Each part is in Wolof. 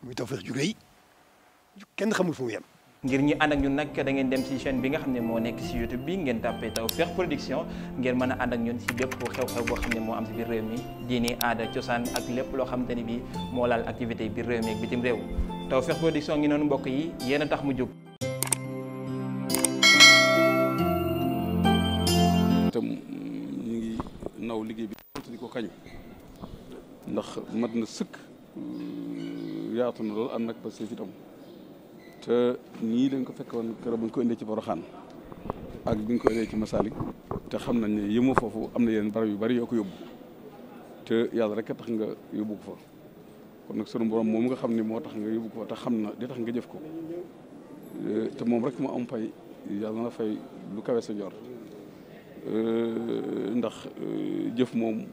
muy Tawfekh ju rëy kenn xamul foofu mu yem. ngir ñi ànd ak ñun nag da ngeen dem ci chaîne bi nga xam ne moo nekk ci YouTube bi ngeen tàppee Tawfekh Production ngeen mën a ànd ak ñun ci bépp xew-xew boo xam ne moo am biir réew mi dini aada cosaan ak lépp loo xamante ni bi moo laal activité biir réew mi ak bitim réew Tawfekh Production ngi noonu mbokk yi yéen a tax mu jóg. itam naw liggéey bi di ko kañ yaatu na lool am nag parce que tam te nii dañ ko fekkoon keroog bu ñu ko indee ci Boroxaan ak bi ñu ko indee ci Masalik te xam nañ ne yëmu foofu am na yeneen barab yu bari yoo ko yóbbu te yàlla rek tax nga yóbbu ko fa kon nag sunu borom moom nga xam ni moo tax nga yóbbu ko fa te xam na di tax nga jëf ko te moom rek moo am fay yàlla na fay lu kawe sa jor ndax jëf moom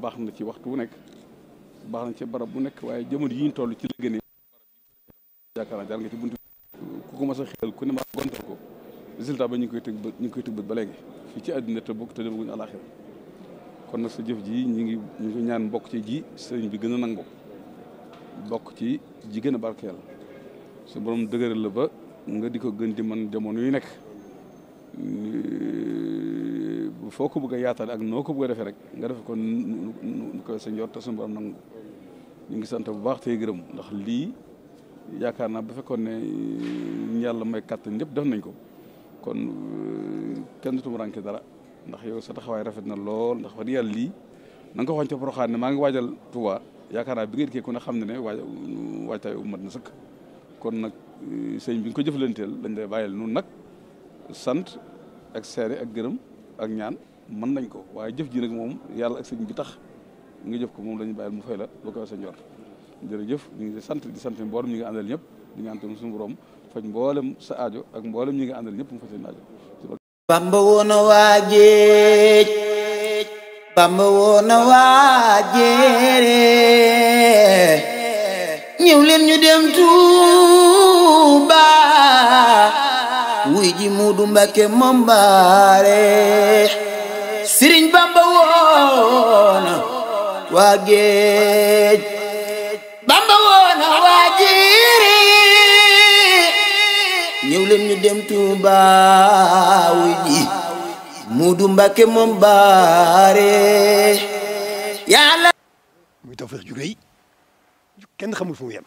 baax na ci waxtu wu nekk. baax na ci barab bu nekk waaye jamono yi ñu toll ci léegi nii yaakaar naa jaar nga ci buntu ku ko mas a xel ku ne ma gontal ko résultat ba ñu ngi koy tëg ñu koy tëg bët ba léegi fii ci àddina te bokk te demaguñu àlaxira kon na sa jëf ji ñu ngi ñu ngi ñaan mbokk ci ji sëriñ bi gën a nangu bokk ci ji gën a barkeel su borom dëgëral la ba nga di ko gën di man jamono yu nekk foo ko bëgg a yaatal ak noo ko bëgg a defee rek nga def ko nu ko sa njort te suñu ngi sant bu baax tey gërëm ndax lii yaakaar naa bu fekkoon ne yàlla may kàttan ñëpp def nañ ko kon euh, kenn dutum ranke dara ndax yow sa taxawaay rafet na lool ndax yàlla lii na nga ko waxoon ne maa ngi waajal Touba yaakaar bi ngeen kii ku ne xam ne ne waaj waajtaay mat na sëkk kon nag euh, sëñ bi nga ko jëflanteel dañ lay bàyyil nun nag sant ak seere ak gërëm ak ñaan man nañ ko waaye jëf ji nag moom yàlla ak sëñ bi tax nga jëf ko moom lañu bàyyil mu fay la boo ko sa njor jërëjëf ñu ngi sant di sant mboolem ñi nga àndal ñëpp di ñaan tam suñu borom faj mboolem sa aajo ak mboolem ñi àndal ñëpp mu faj seen aajo bamba woon a waa jéej bamba woon a waa jéere ñëw ñu dem tuur wuy ji muudu mbàkke moom baare sëriñ bamba woona waa bamba woona waa jiiri ñëw leen ñu dem tuuba wuy ji muudu mbàkke moom baare yàlla muy tawfeex ju rëy kenn xamul fu mu yem